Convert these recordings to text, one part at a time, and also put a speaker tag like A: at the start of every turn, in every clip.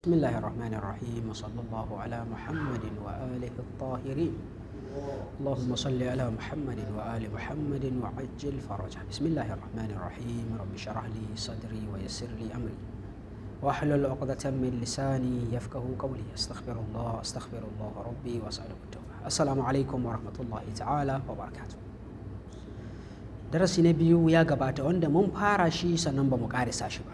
A: بسم الله الرحمن الرحيم وصلى الله على محمد وآله الطاهرين اللهم صل على محمد وآل محمد وعجل فرجه بسم الله الرحمن الرحيم رب اشرح لي صدري ويسر لي أمري واحلل عقدة من لساني يفقه قولي استغفر الله استغفر الله ربي واسأله التوبة السلام عليكم ورحمة الله تعالى وبركاته درسي نبيو يا قبات عند من فارشي سننبا مقارسة شبه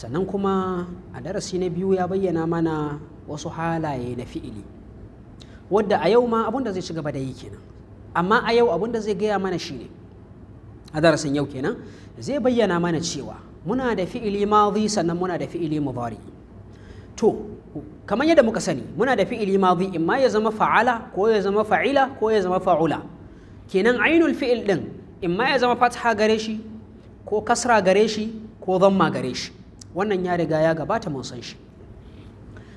A: sannan kuma a darasi na biyu ya bayyana mana wasu halaye na fi'ili wadda a yau ma abinda zai ci gaba da yi kenan amma a yau abunda zai gaya mana shi ne a darasin yau kenan zai bayyana mana cewa muna da fi'ili madhi sannan muna da fi'ili mubari to kamar yadda muka sani muna da fi'ili madhi imma ya zama fa'ala ko ya zama fa'ila ko ya zama fa'ula kenan ainul fi'il din imma ya zama fatha gare shi ko kasra gare shi ko zamma gare shi wannan ya riga ya gabata mun san shi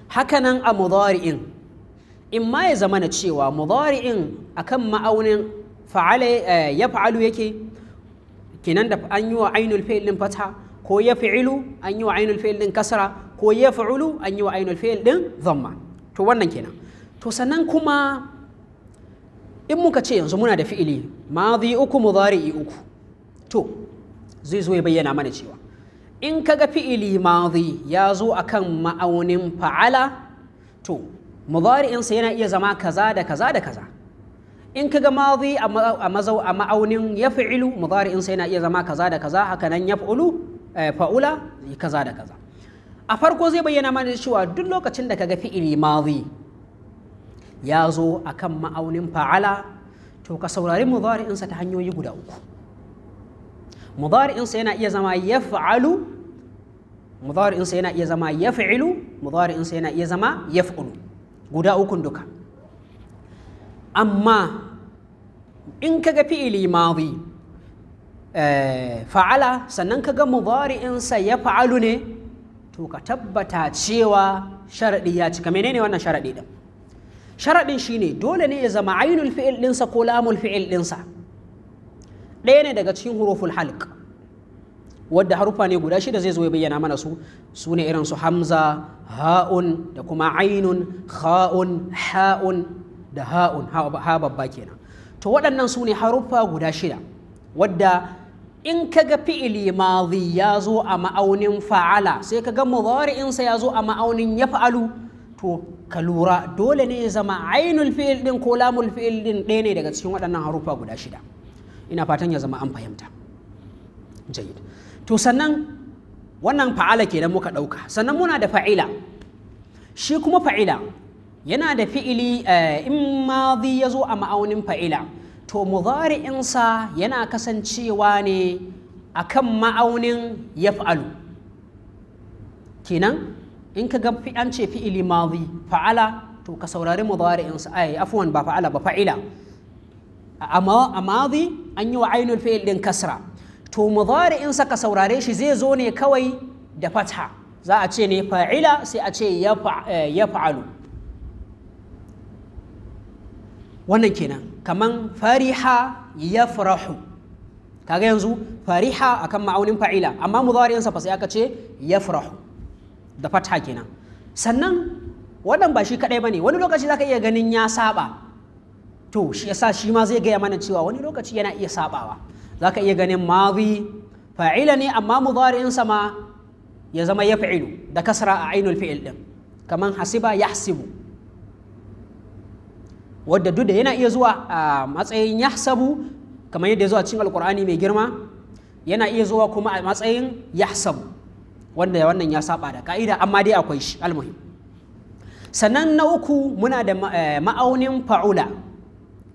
A: hakanan a mudari'in in ma ya zama na cewa mudari'in akan ma'aunin fa'ale eh, ya fa'alu yake kenan da an yi wa ainul fi'il din fata ko ya fi'ilu an yi wa ainul fi'il din kasra ko ya fa'ulu an yi wa ainul fi'il din dhamma to wannan kenan to sannan kuma in muka ce yanzu muna da fi'ili madhi uku mudari'i uku to zai zo ya bayyana mana cewa in kaga fi'ili madhi ya zo a kan ma'aunin fa'ala to mudari'insa yana iya zama kaza da kaza da kaza in ka ga madhi a mazau a ma'aunin ya fi'ilu mudari'insa yana iya zama kaza da kaza haka nan ya fa'ulu eh, fa'ula kaza da kaza a farko zai bayyana mana cewa duk lokacin da kaga fi'ili madhi ya zo a kan ma'aunin fa'ala to ka saurari mudari'insa ta hanyoyi guda uku mudari'insa yana iya zama yaf'alu mudari'insa yana iya zama yaf'ilu mudari'insa yana iya zama yaf'ulu guda ukun duka amma in kaga fi'ili madi eh, fa'ala sannan kaga mudari'insa yaf'alu ne to ka tabbata cewa sharaɗi ya cika menene wannan sharaɗi din sharaɗin shine dole ne ya zama ainul fi'il ɗinsa ko lamul fi'il ɗinsa ɗaya ne daga cikin huruful halk wadda harufa ne guda shida zai zo ya bayyana mana su su ne irin su hamza ha'un da kuma ainun ha'un ha'un da ha'un ha babba kenan to waɗannan su ne harufa guda shida wadda in ka ga fi'ili mazi ya zo a ma'aunin fa'ala sai ka ga mudari'insa ya zo a ma'aunin ya fa'alu to ka lura dole ne ya zama ainul fi'il din ko Lamun fi'il din ɗaya ne daga cikin waɗannan harufa guda shida ina fatan ya zama an fahimta jayid to sannan wannan fa'ala kenan muka ɗauka sannan muna da fa'ila shi kuma fa'ila yana da fi'ili eh, in madhi ya zo a ma'aunin fa'ila to mudari'insa yana kasancewa ne akan ma'aunin yaf'alu kenan in ka ga an ce fi'ili madhi fa'ala to ka saurari mudari'insa ai afwan ba fa'ala ba fa'ila a madhi an yi wa ainul fi'il din kasra to mudari'in in ka saurare shi zai zo ne kawai da fatha za a ce ne fa'ila sai a ce ya fa'alu eh, wannan kenan kaman fariha ya farahu kaga yanzu fariha akan ma'aunin fa'ila amma in sa fa sai aka ce ya farahu da fatha kenan sannan wannan ba shi kadai bane wani lokaci zaka iya ganin ya saba to shi yasa shi ma zai gaya mana cewa wani lokaci yana iya sabawa zaka iya ganin madhi fa'ila ne amma mudari'in sa ma ya zama ya fa'ilu da kasra a ainul fi'il din kaman hasiba yahsibu wadda duk da yana iya zuwa a matsayin yahsabu kamar yadda ya zuwa cikin alkur'ani mai girma yana iya zuwa kuma a matsayin hasabu wanda wannan ya saba da ka'ida amma dai akwai shi almuhim sannan na uku muna da eh, ma'aunin fa'ula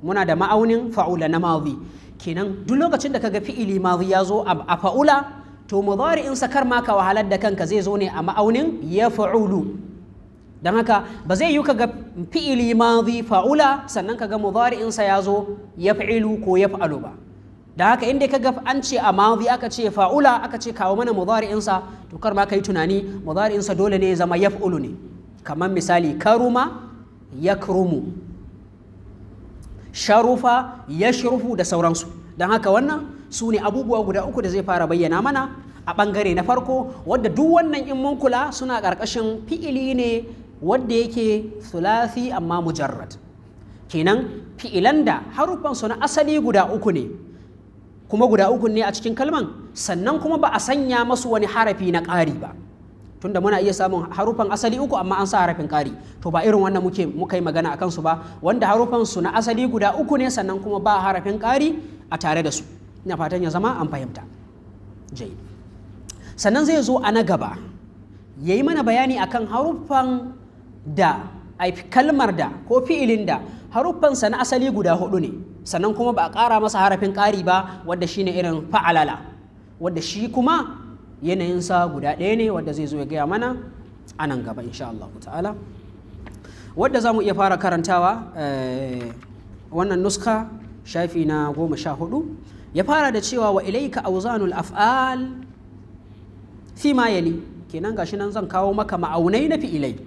A: muna da ma'aunin fa'ula na madhi kenan duk lokacin da kaga fi'ili madhi ya zo a fa'ula to mudari'in sakar maka wahalar da kanka zai zo ne a ma'aunin ya fa'ulu. don haka ba zai yi kaga fi'ili madhi fa'ula sannan kaga sa ya zo ya fa'ilu ko ya fa'alu ba da haka inda kaga an ce a madhi aka ce fa'ula aka ce kawo mana sa to kar ma kai tunani sa dole ne ya zama ya fa'ulu ne kamar misali karuma ya sharufa ya shurufu da sauransu don haka wannan su ne abubuwa guda uku da zai fara bayyana mana a ɓangare na farko wadda duk wannan in mun kula suna ƙarƙashin fi'ili ne wadda yake sulasi amma mujarrad kenan fi'ilan da harufansu na asali guda uku ne kuma guda uku ne a cikin kalman sannan kuma ba a sanya masu wani harafi na ƙari ba tunda muna iya samun harufan asali uku amma an sa harafin ƙari to ba irin wannan muke muka yi magana akan su ba wanda harufan su na asali guda uku ne sannan kuma ba harafin ƙari a tare da su ina fatan ya zama an fahimta jai sannan zai zo a na gaba ya yi mana bayani akan harufan da ai kalmar da ko fi'ilin da sa na asali guda hudu ne sannan kuma ba a ƙara masa harafin ƙari ba wanda shine irin fa'alala wanda shi kuma yanayin sa guda ɗaya ne wadda zai zo ya gaya mana a nan gaba insha Allah ta'ala wadda za mu iya fara karantawa eh, wannan nuska shafi na goma sha hudu ya fara da cewa wa ilaika auzanul af'al fi ma yali kenan gashi nan zan kawo maka ma'aunai na fi'ilai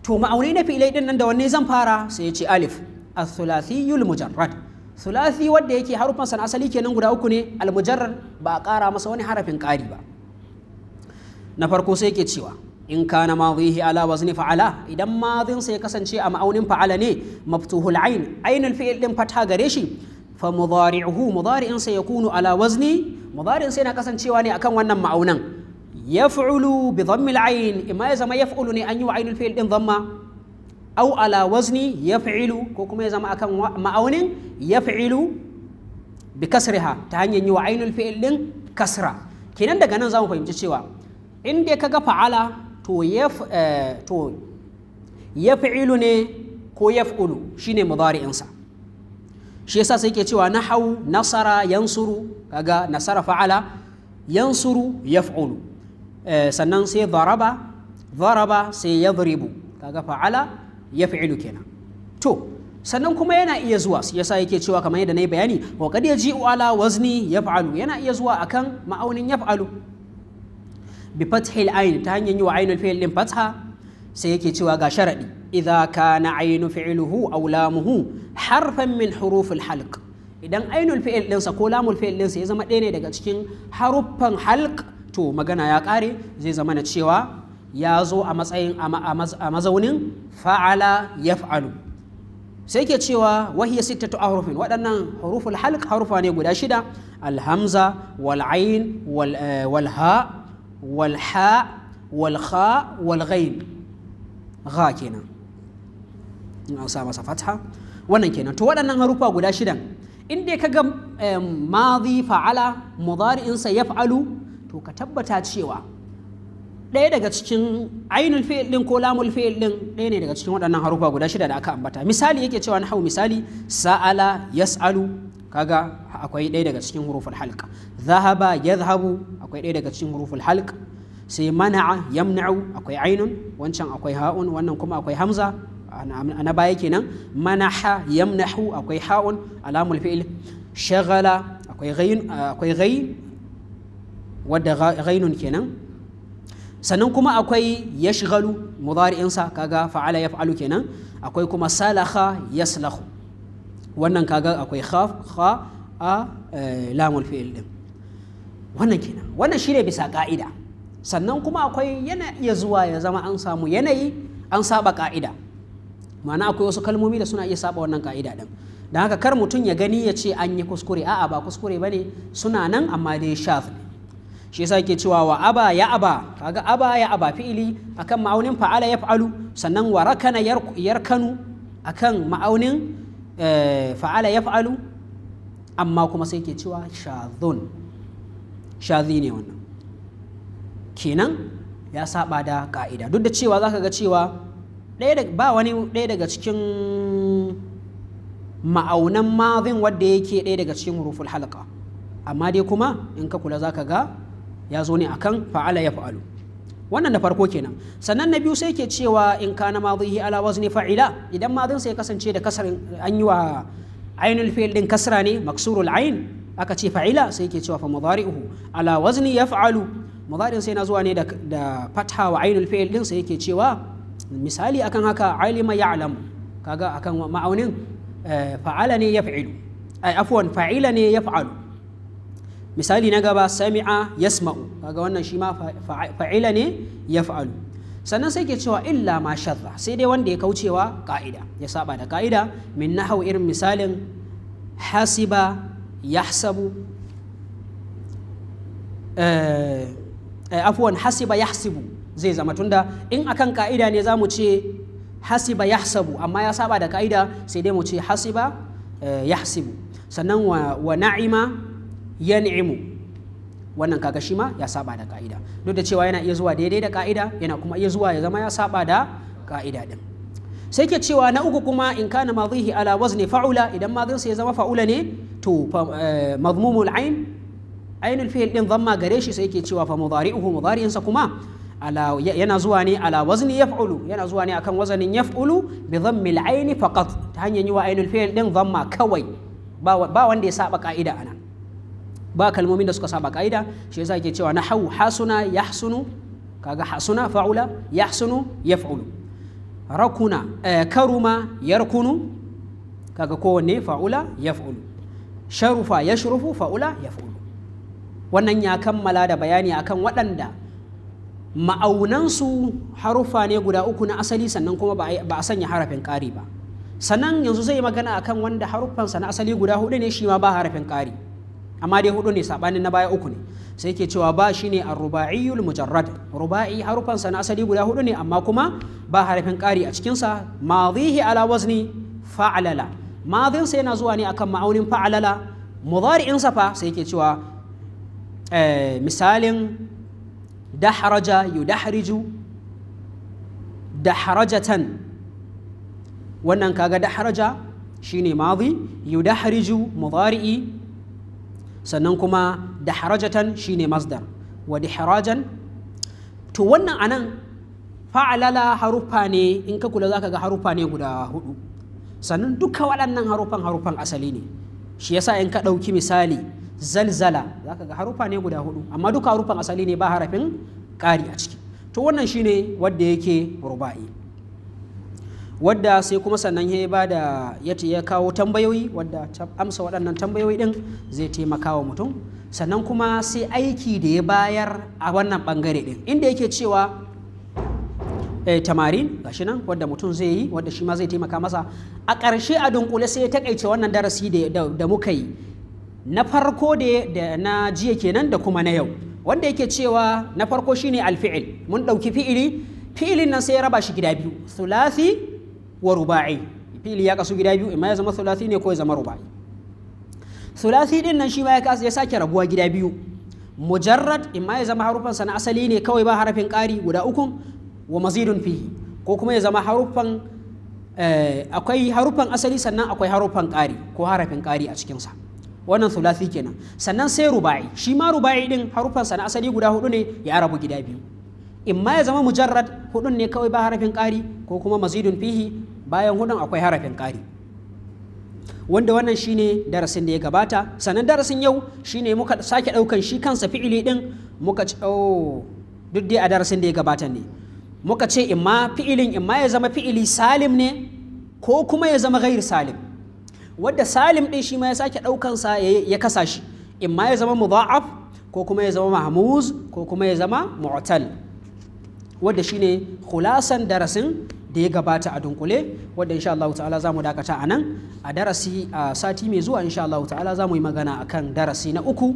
A: to ma'aunai na fi'ilai din nan da wanne zan fara sai ya ce alif as-thulathiyul mujarrad thulathi wadda yake harufan sana asali kenan guda uku ne al-mujarrad ba a kara masa wani harafin kari ba na farko sai ke cewa in kana madhihi ala wazni fa'ala idan madhin sai kasance a ma'aunin fa'ala ne maftuhul ain ainul fi'il din fata gare shi fa mudari'uhu mudari'in sai yakunu ala wazni mudari'in sai na kasancewa ne akan wannan ma'aunan yaf'ulu bi dhammil ain imma ya zama yaf'ulu ne an yi wa ainul fi'il din dhamma aw ala wazni yaf'ilu ko kuma ya zama akan ma'aunin yaf'ilu bi kasriha ta hanyar yi wa ainul fi'il din kasra kenan daga nan zamu fahimci cewa in dai kaga fa'ala to ya eh, to ya fi'ilu ne ko ya fi'ulu shine mudari'insa shi yasa sai ke cewa hau nasara yansuru kaga nasara fa'ala yansuru yaf'ulu eh, sannan sai daraba daraba sai yadribu kaga fa'ala yaf'ilu kenan to sannan kuma yana iya zuwa yasa yake cewa kamar yadda na yi bayani wa kad yaji'u ala wazni yaf'alu yana iya zuwa akan ma'aunin yaf'alu bi fathil ayn ta hanyar yi wa ainul fi'il ɗin fatha sai yake cewa ga sharadi idza kana aynu fi'luhu aw lamuhu harfan min hurufil halq idan ainul fi'il ɗinsa ko lamul fi'il ɗinsa ya zama ɗaya daga cikin haruffan halq to magana ya ƙare zai zama na cewa ya zo a matsayin a mazaunin fa'ala yaf'alu sai ke cewa wahiya sittatu ahrufin waɗannan huruful halq harufa ne guda shida alhamza wal ain wal ha walha walha walghain gha kenan in an fatha wannan kenan to waɗannan harufa guda shidan in dai kaga madi fa'ala mudari'insa yaf'alu to ka tabbata cewa ɗaya daga cikin ainul fi'il ko lamul fi'il din ɗaya ne daga cikin waɗannan harufa guda shida da aka ambata misali yake cewa nahwu misali sa'ala yas'alu kaga akwai ɗaya daga cikin huruful halqa zahaba yadhhabu akwai ɗaya daga cikin huruful halq sai mana'a yamna'u akwai ainun wancan akwai ha'un wannan kuma akwai hamza ana baya kenan manaha yamnahu akwai ha'un alamul fi'il shagala akwai akwai ghain wadda ghainun kenan sannan kuma akwai yashghalu mudari'insa kaga fa'ala yaf'alu kenan akwai kuma salaha yaslahu wannan kaga akwai kha a lamul fi'il din wannan kenan wannan shine bisa ka'ida sannan kuma akwai yana iya zuwa ya zama an samu yanayi an saba ka'ida ma'ana akwai wasu kalmomi da suna iya saba wannan ka'ida din don haka kar mutum ya gani ya ce an yi kuskure a'a ba kuskure ba ne suna nan amma dai shaf ne shi yasa yake cewa wa aba ya aba kaga aba ya aba fi'ili akan ma'aunin fa'ala ya fa'alu sannan wa rakana yarkanu akan ma'aunin eh, fa'ala ya fa'alu amma kuma sai ke cewa shadhun shazi ne wannan kenan ya saba da ka'ida duk da cewa za ka ga cewa ba wani ɗaya daga cikin ma'aunan mazin wadda yake ɗaya daga cikin huruful halka amma dai kuma in ka kula za ka ga ya zo ne akan fa'ala ya fa'alu wannan da farko kenan sannan na biyu sai ke cewa in ka kana madhihi ala wazni fa'ila idan mazin sai kasance da kasar an yi wa ainul fi'l din kasra ne maksurul ain aka ce fa'ila sai yake cewa fa mudari'uhu ala wazni yaf'alu mudari'in sai na zuwa ne da fatha wa ainul fi'il din sai yake cewa misali akan haka alima ya'lam kaga akan ma'aunin eh, fa'ala ne yaf'ilu ai afwan fa'ila ne yaf'alu misali na gaba sami'a yasma'u kaga wannan shi ma fa'ila ne yaf'alu sannan sai ke cewa illa ma sharra sai dai wanda ya kaucewa ka'ida ya saba da ka'ida min nahau irin misalin hasiba yahsabu afwan hasiba yahsibu zai zama tunda in akan ka'ida ne za mu ce hasiba yahsabu amma ya saba da ka'ida sai dai mu ce hasiba yahsibu sannan wa na'ima yan'imu wannan kaga shi ma ya saba da ka'ida duk da cewa yana iya zuwa daidai da ka'ida yana kuma iya zuwa ya zama ya saba da ka'ida din sai ke cewa na uku kuma in kana madhihi ala wazni fa'ula idan madhin sai ya zama fa'ula ne to eh, mazmumul ain ainul fi'il din zamma gare shi sai yake cewa fa mudari'uhu mudari'insa kuma ala yana zuwa ne ala wazni yaf'ulu yana zuwa ne akan wazanin yaf'ulu bi dhammil aini faqat ta hanyar yi wa ainul fi'il din zamma kawai ba wanda ya saba ka'ida ana ba kalmomin da suka saba ka'ida shi yasa yake cewa nahwu hasuna yahsunu kaga hasuna fa'ula yahsunu yaf'ulu rakuna eh, karuma yarkunu kaga kowanne fa'ula yaf'ulu sharufa ya shurufu fa'ula ya fa'ulu wannan ya kammala da bayani akan waɗanda ma'aunansu harufa ne guda uku na asali sannan kuma ba a sanya harafin ƙari ba sannan yanzu zai magana akan wanda harufansa na asali guda hudu ne shi ma ba harafin ƙari amma dai hudu ne saɓanin na baya uku ne sai ke cewa ba shi ne arruba'iyul mujarrad ruba'i harufansa na asali guda hudu ne amma kuma ba harafin ƙari a cikinsa madhihi ala wazni fa'alala madin sai yana zuwa ne akan ma'aunin fa'alala mudari'in fa sai yake cewa eh, misalin dahraja yudahriju dahrajatan wannan kaga dahraja shine madi yudahriju mudari'i sannan kuma daharajatan shine masdar wa dihrajan to wannan anan fa'alala harufa ne in ka kula zaka ga haruffa ne guda hudu sannan duka waɗannan harufan harufan asali ne shi yasa in ka ɗauki misali zalzala za ka ga harufa ne guda hudu amma duka harufan asali ne ba harafin ƙari a ciki to wannan shi ne wadda yake ruba'i wadda sai kuma sannan ya ba da ya kawo tambayoyi wadda amsa waɗannan tambayoyi ɗin zai taimaka wa mutum sannan kuma sai aiki da ya bayar a wannan ɓangare ɗin inda yake cewa Eh, tamarin gashi nan wanda mutum zai yi wanda shi ma zai taimaka masa a ƙarshe a dunkule sai ya takaice wannan darasi da muka yi na farko da na jiya kenan da kuma na yau wanda yake cewa na farko shine alfi'il mun ɗauki fi'ili fi'ilin nan sai ya raba shi gida biyu thulathi wa ruba'i fi'ili ya kasu gida biyu imma ya zama thulathi ne ko ya zama ruba'i thulathi din nan shi ma ya sake rabuwa gida biyu mujarrad imma ya zama harufansa na asali ne kawai ba harafin ƙari guda uku wa mazidun fihi ko kuma ya zama haruffan eh, akwai haruffan asali sannan akwai haruffan ƙari ko harafin ƙari a cikinsa wannan thulathi kenan sannan sai ruba'i shi ma ruba'i din haruffan sa na asali guda hudu ne ya rabu gida biyu in ma ya zama mujarrad hudun ne kawai ba harafin ƙari ko kuma mazidun fihi bayan hudun akwai harafin ƙari wanda wannan shine darasin da ya gabata sannan darasin yau shine muka sake daukan shi kansa fi'ili din muka ci oh, duk dai a darasin da ya gabata ne muka ce imma fi'ilin imma ya zama fi'ili salim ne ko kuma ya zama gairi salim wadda salim ɗin shi ma ya sake ɗaukansa ya kasa shi imma ya zama muza'af ko kuma ya zama mahmuz ko kuma ya zama mu'tal wadda shi ne khulasan darasin da ya gabata a dunkule wadda insha Allah ta'ala za mu dakata a nan a darasi a sati mai zuwa insha Allah ta'ala za mu yi magana akan darasi na uku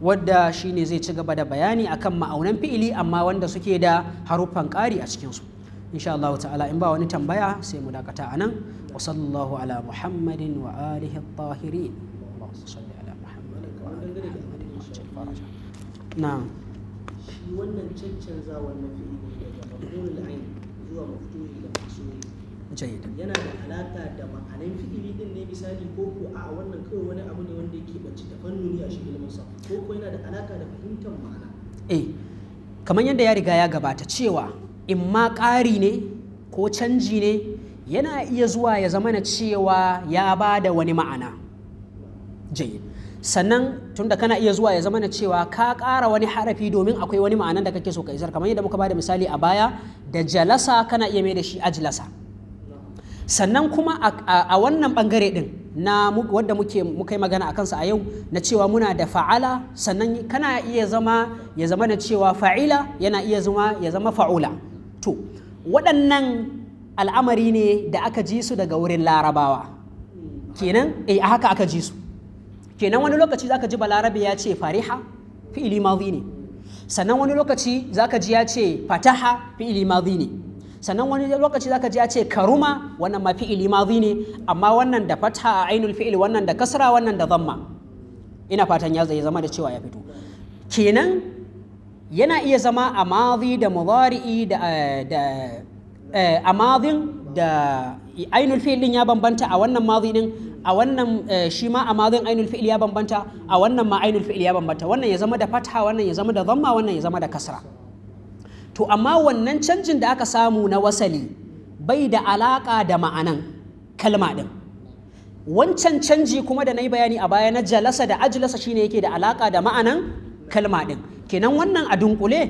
A: wadda shi ne zai ci gaba da bayani akan ma'aunan fi'ili amma wanda suke da haruffan ƙari a cikinsu insha Allah ta'ala in ba wani tambaya sai mu dakata a nan wa sallallahu ala muhammadin wa alihi tahirin na'am wannan cancanza wannan fi'ili daga mafdulul ain zuwa mafdulul mansuri jayid yana da alaka da ma'anan fi'ili din ne misali ko ko a wannan kawai wani abu ne wanda yake bacci da fannoni a shi ilimin sa ko ko yana da alaka da fahimtar ma'ana eh kamar yadda ya riga ya gabata cewa in ma ƙari ne ko canji ne yana iya zuwa ya zama na cewa ya ba da wani ma'ana jayid sannan tunda kana iya zuwa ya zama na cewa ka ƙara wani harafi domin akwai wani ma'anan da kake so ka isar kamar yadda muka ba da misali a baya da jalasa kana iya mai da shi ajlasa sannan kuma a wannan bangare din na wadda muke muka yi magana a kansa a yau na cewa muna da fa'ala sannan kana iya zama ya zama na cewa fa'ila yana iya zama ya zama fa'ula to waɗannan al'amari ne da aka ji su daga wurin larabawa kenan eh haka aka ji su kenan wani lokaci zaka ji balarabe ya ce fariha fi'ili madhi ne sannan wani lokaci zaka ji ya ce fataha fi'ili madhi ne sannan wani lokaci zaka ji a ce karuma wannan ma fi'ili madhi ne amma wannan da fatha a ainul fi'ili wannan da kasra wannan da zamma ina fatan ya zai zama da cewa ya fito kenan yana iya zama a madhi da mudari'i da eh, da eh, a madhin da ainul fi'ilin ya bambanta a wannan madhi din a wannan eh, shi ma a madhin ainul fi'il ya bambanta a wannan ma ainul fi'il ya bambanta wannan ya zama da fatha wannan ya zama da zamma wannan ya zama da kasra to amma wannan canjin da aka samu na wasali bai da alaƙa da ma'anan kalma ɗin wancan canji kuma da na yi bayani a baya na jalasa da ajilasa shine yake da alaƙa da ma'anan kalma ɗin kenan wannan a dunkule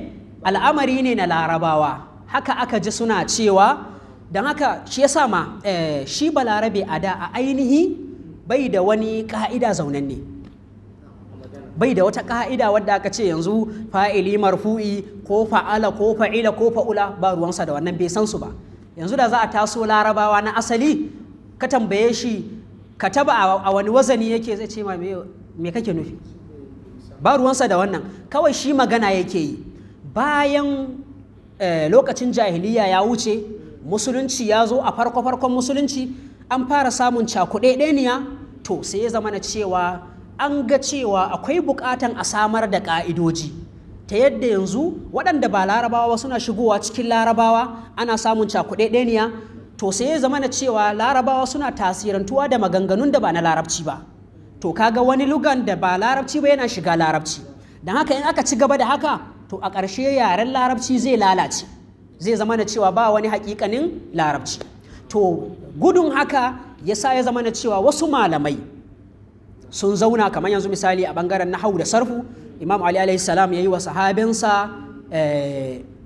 A: al'amari ne na larabawa haka aka ji suna cewa don haka shi yasa ma eh, shi balarabe a da a ainihi bai da wani ka'ida zaunanne ne bai da wata ka'ida wadda aka ce yanzu fa'ili marfu'i ko fa'ala ko fa'ila ko fa'ula ba ruwansa da wannan bai san su ba yanzu da za a taso larabawa na asali ka tambaye shi ka taba a wani wazani yake zai ce kake nufi ba ruwansa da wannan kawai shi magana yake yi bayan eh, lokacin jahiliya ya wuce musulunci ya zo a farko-farkon musulunci an fara samun cakuɗe ɗeniya to sai ya zama na cewa an ga cewa akwai bukatan a samar da ka'idoji ta yadda yanzu waɗanda ba larabawa suna shigowa cikin larabawa ana samun cakuɗeɗeniya to sai ya zama na cewa larabawa suna tasirantuwa da maganganun da ba na larabci ba to kaga wani lugan da ba larabci ba yana shiga larabci don haka in aka ci gaba da haka to a ƙarshe yaren larabci zai lalace zai zama na cewa ba wani haƙiƙanin larabci to gudun haka ya sa ya zama na cewa wasu malamai sun zauna kamar yanzu misali a bangaren nahawu da sarfu imam ali alaihi salam yi wa sahabinsa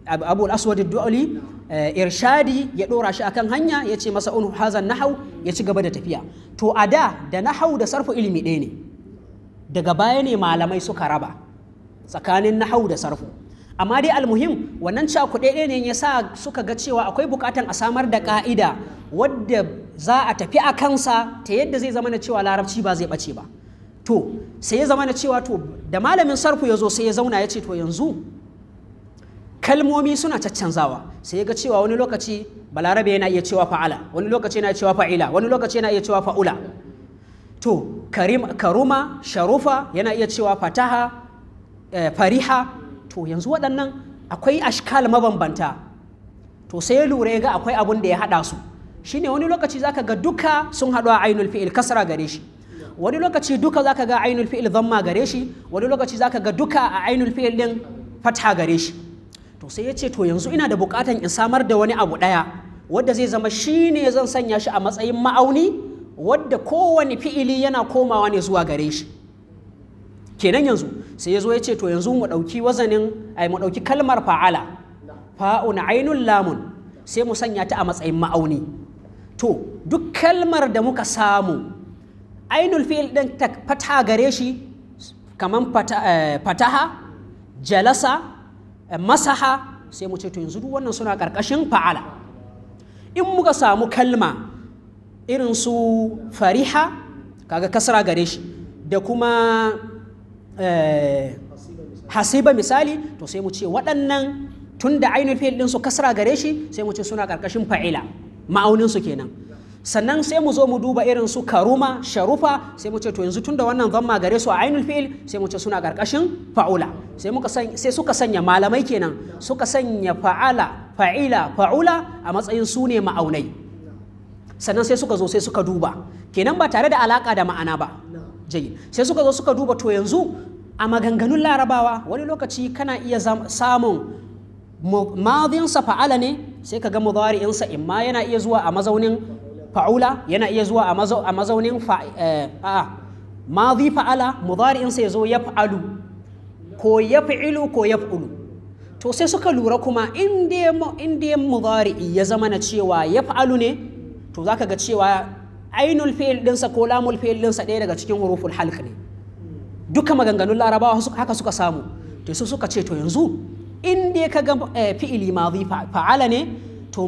A: abu al duali irshadi ya dora shi akan hanya ya ce masa un hazan ya ci gaba da tafiya to a da da nahau da sarfu ilimi ɗaya ne daga baya ne malamai suka raba tsakanin hau da sarfu amma dai almuhim wannan cakuɗe ne ya sa suka ga cewa akwai bukatan a samar da ka'ida wadda za a tafi a kansa ta yadda zai zama na cewa larabci ba zai ɓace ba to sai ya zama na cewa to da malamin sarfu ya zo sai ya zauna ya ce to yanzu kalmomi suna caccanzawa sai ya ga cewa wani lokaci balarabe yana iya cewa fa'ala wani lokaci yana iya cewa fa'ila wani lokaci yana iya cewa fa'ula to karuma sharufa yana iya cewa fataha eh, fariha to yanzu waɗannan akwai ashkal mabambanta to sai ya lura ga akwai abun da ya haɗa su shine wani lokaci zaka ga duka sun haɗu a ainul fi'il kasra gare shi wani lokaci duka zaka ga ainul fi'il dhamma gare shi wani lokaci zaka ga duka a ainul fi'il din fatha gare shi to sai ya ce to yanzu ina da bukatan in samar da wani abu ɗaya wadda zai zama shine zan sanya shi a matsayin ma'auni wadda kowane fi'ili yana komawa ne zuwa gare shi kenan yanzu sai ya zo ya ce to yanzu mu ɗauki wazanin ai mu ɗauki kalmar fa'ala fa'un ainun lamun sai mu sanya ta a matsayin ma'auni to duk kalmar da muka samu ainul fi'il ɗin ta fata gare shi kamar eh, fataha jalasa eh, masaha sai mu ce to yanzu duk wannan suna ƙarƙashin fa'ala in muka samu kalma irin su fariha kaga kasra gare shi da kuma Eh, hasiba misali to sai mu ce waɗannan tun da ainihin fi'il ɗinsu kasra gare shi sai mu ce suna ƙarƙashin fa'ila ma'auninsu kenan sannan sai mu zo mu duba irin su karuma sharufa sai mu ce to yanzu tun da wannan zamma gare su a ainul fi'il sai mu ce suna ƙarƙashin fa'ula sai muka sai suka sanya malamai kenan suka sanya fa'ala fa'ila fa'ula a matsayin su ne ma'aunai sannan sai suka zo sai suka duba kenan ba tare da alaka da ma'ana ba sai suka zo suka duba to yanzu a maganganun larabawa wani lokaci kana iya samun madinsa fa'ala ne sai ka ga mudari'insa imma yana iya zuwa a mazaunin fa'ula yana iya zuwa a mazaunin fa'a eh, fa'ala mudari'insa ya zo ya fa'alu ko ya fi'ilu ko ya fi'ulu to sai suka lura kuma inda ya mudari'i ya zama na cewa ya fa'alu ne to za ka ga cewa ainul fi'il ɗinsa ko lamul fi'il ɗinsa ɗaya daga cikin huruful halk ne duka maganganun larabawa haka suka samu to su suka ce to yanzu in dai ka ga eh, fi'ili madhi fa'ala ne to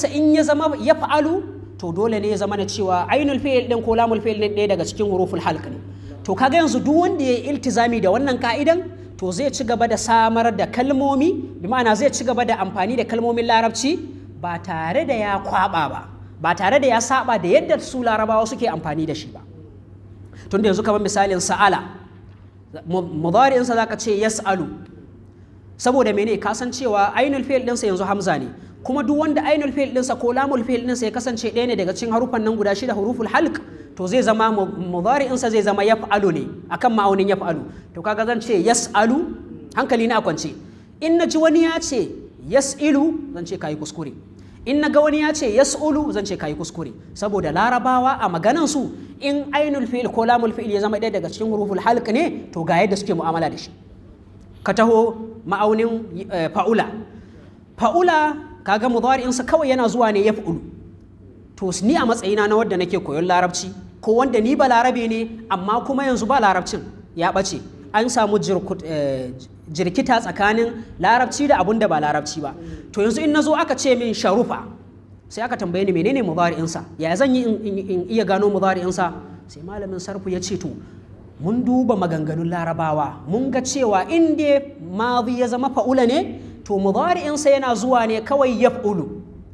A: sa in ya zama ya fa'alu to dole ne ya zama na cewa ainul fi'il din ko lamul fi'il din ɗaya daga cikin huruful halq ne to kaga yanzu duk wanda ya yi iltizami da wannan ka'idan to zai ci gaba da samar da kalmomi bi ma'ana zai ci gaba da amfani da kalmomin larabci ba tare da ya kwaba ba ba tare da ya saba da yadda su larabawa suke amfani da shi ba tunda yanzu kamar misalin sa'ala mudari'insa za ka ce yas'alu saboda mene ka san cewa ainul fi'il ɗinsa yanzu hamza ne kuma duk wanda ainul fi'il ɗinsa ko lamul fi'il ɗinsa ya kasance ɗaya ne daga cikin harufan nan guda shida huruful halq to zai zama mudari'insa zai zama yaf'alu ne akan ma'aunin yaf'alu to kaga zan ce yas'alu hankali na kwance in na ji wani ya ce yas'ilu zan ce kayi kuskure in na ga wani ya ce ulu zan ce kayi kuskure saboda larabawa a maganan su in ainul fi'il ko lamul fi'il ya zama ɗaya daga cikin huruful halq ne to ga yadda suke mu'amala da shi ka taho ma'aunin eh, fa'ula fa'ula kaga mudari'in sa kawai yana zuwa ne ya yaf'ulu to ni a matsayina na wanda nake koyon larabci ko wanda ni ba larabe ne amma kuma yanzu ba larabcin ya ɓace an samu eh, jirkita tsakanin larabci da abun da ba larabci ba to yanzu in nazo aka ce min sharufa sai aka tambaye ni menene mudari'insa ya zan yi in iya gano mudari'insa sai malamin sarfu ya ce to mun duba maganganun larabawa mun ga cewa inda dai ya zama fa'ula ne to mudari'insa yana zuwa ne kawai fa'ulu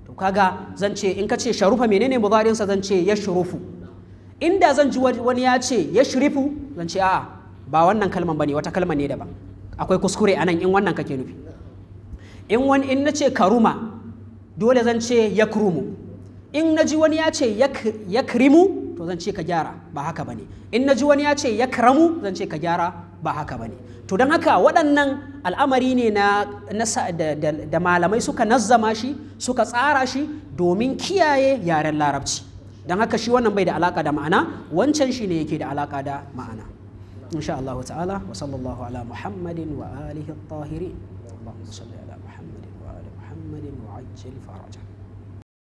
A: to kaga zan ce in ka ce sharufa menene mudari'insa zan ce ya shurufu inda zan ji wani ya ce ya shurufu zan ce a'a ba wannan kalman bane wata kalma ne daban akwai kuskure a nan in wannan kake nufi in wani in ce karuma dole zan ce kurumu in na ji wani ya ce yakrimu to zan ce ka gyara ba haka bane in na ji wani ya ce yakramu zan ce ka gyara ba haka bane to don haka waɗannan al'amari ne da, malamai suka nazzama shi suka tsara shi domin kiyaye yaren larabci don haka shi wannan bai da alaka da ma'ana wancan shi ne yake da alaka da ma'ana إن شاء الله تعالى وصلى الله على محمد وآله الطاهرين اللهم صل على محمد وآل محمد وعجل فرجه